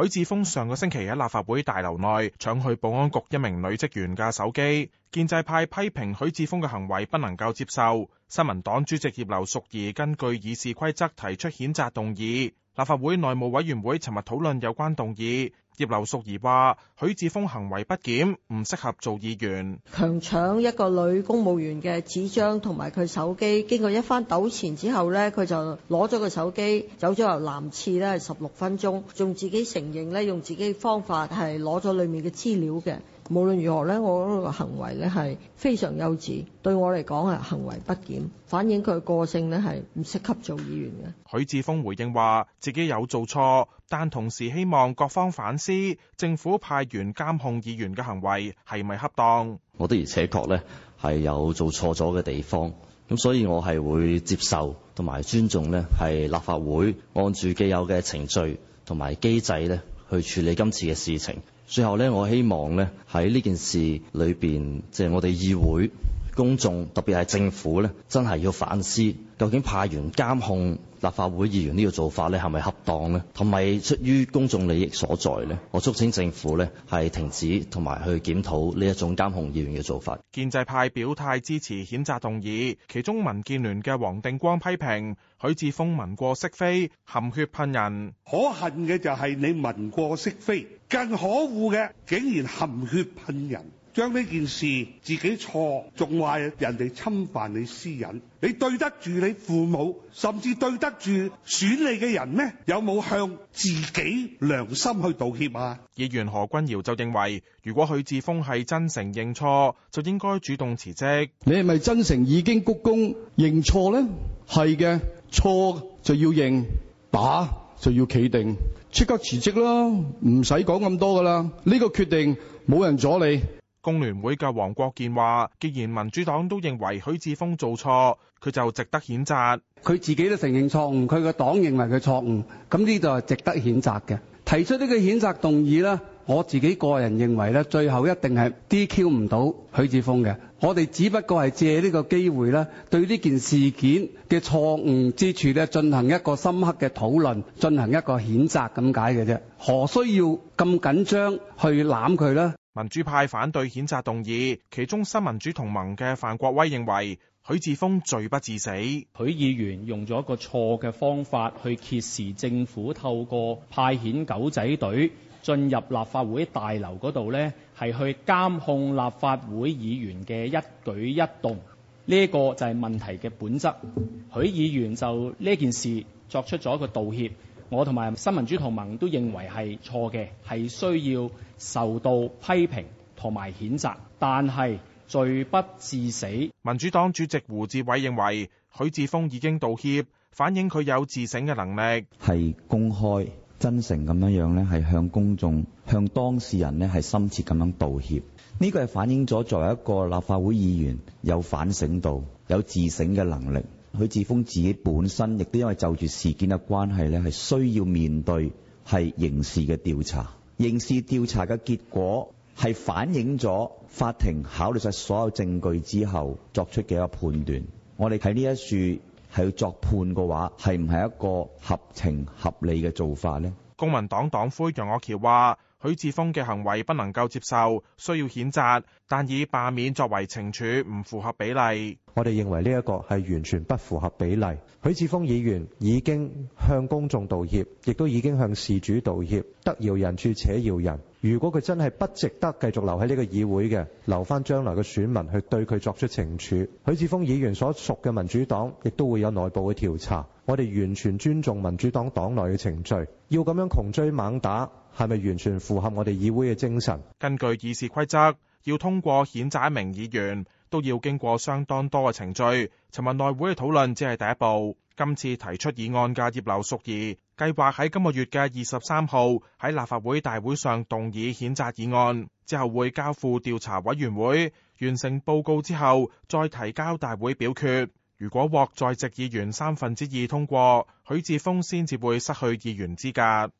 許智峯上個星期喺立法會大樓內搶去保安局一名女職員嘅手機，建制派批評許智峯嘅行為不能夠接受。新民黨主席葉劉淑儀根據議事規則提出譴責動議，立法會內務委員會尋日討論有關動議。葉劉淑儀話：許智峯行為不檢，唔適合做議員。強搶一個女公務員嘅紙張同埋佢手機，經過一番糾纏之後咧，佢就攞咗個手機，走咗由男廁咧，十六分鐘，仲自己承認咧，用自己方法係攞咗裏面嘅資料嘅。無論如何咧，我覺得佢個行為咧係非常幼稚，對我嚟講係行為不檢，反映佢個性咧係唔適合做議員嘅。許智峯回應話：自己有做錯，但同時希望各方反思政府派員監控議員嘅行為係咪恰當。我的而且確咧係有做錯咗嘅地方，咁所以我係會接受同埋尊重呢係立法會按住既有嘅程序同埋機制咧，去處理今次嘅事情。最後咧，我希望咧喺呢件事裏邊，即係我哋議會。公眾，特別係政府咧，真係要反思，究竟派員監控立法會議員呢個做法咧，係咪恰當呢？同埋出於公眾利益所在呢，我促請政府呢，係停止同埋去檢討呢一種監控議員嘅做法。建制派表態支持譴責動議，其中民建聯嘅黃定光批評許智峯文過飾非、含血噴人，可恨嘅就係你文過飾非，更可惡嘅竟然含血噴人。將呢件事自己錯，仲話人哋侵犯你私隱，你對得住你父母，甚至對得住選你嘅人咩？有冇向自己良心去道歉啊？議員何君堯就認為，如果許智峯係真誠認錯，就應該主動辭職。你係咪真誠已經鞠躬認錯呢？係嘅，錯就要認，打就要企定，即刻辭職咯，唔使講咁多噶啦。呢個決定冇人阻你。工聯會嘅黃國健話：既然民主黨都認為許智峯做錯，佢就值得譴責。佢自己都承認錯誤，佢個黨認為佢錯誤，咁呢度係值得譴責嘅。提出呢個譴責動議呢，我自己個人認為呢，最後一定係 DQ 唔到許智峯嘅。我哋只不過係借呢個機會呢，對呢件事件嘅錯誤之處呢，進行一個深刻嘅討論，進行一個譴責咁解嘅啫，何需要咁緊張去攬佢呢？民主派反對譴責動議，其中新民主同盟嘅范國威認為許智峯罪不至死。許議員用咗一個錯嘅方法去揭示政府透過派遣狗仔隊進入立法會大樓嗰度呢，係去監控立法會議員嘅一舉一動。呢、這、一個就係問題嘅本質。許議員就呢件事作出咗一個道歉。我同埋新民主同盟都認為係錯嘅，係需要受到批評同埋譴責，但係罪不至死。民主黨主席胡志偉認為許智峯已經道歉，反映佢有自省嘅能力，係公開真誠咁樣樣咧，係向公眾、向當事人咧係深切咁樣道歉。呢、這個係反映咗作為一個立法會議員有反省到有自省嘅能力。許智峯自己本身亦都因為就住事件嘅關係咧，係需要面對係刑事嘅調查。刑事調查嘅結果係反映咗法庭考慮晒所有證據之後作出嘅一個判斷。我哋睇呢一樹係要作判嘅話，係唔係一個合情合理嘅做法呢？公民黨黨魁楊岳橋話：許智峯嘅行為不能夠接受，需要譴責，但以罷免作為懲處，唔符合比例。我哋認為呢一個係完全不符合比例。許智峯議員已經向公眾道歉，亦都已經向事主道歉。得饒人處且饒人。如果佢真係不值得繼續留喺呢個議會嘅，留返將來嘅選民去對佢作出懲處。許智峯議員所屬嘅民主黨亦都會有內部嘅調查。我哋完全尊重民主黨黨內嘅程序。要咁樣窮追猛打，係咪完全符合我哋議會嘅精神？根據議事規則。要通過譴責一名議員，都要經過相當多嘅程序。尋日內會嘅討論只係第一步。今次提出議案嘅葉劉淑儀計劃喺今個月嘅二十三號喺立法會大會上動議譴責議案，之後會交付調查委員會完成報告之後再提交大會表決。如果獲在席議員三分之二通過，許智峯先至會失去議員資格。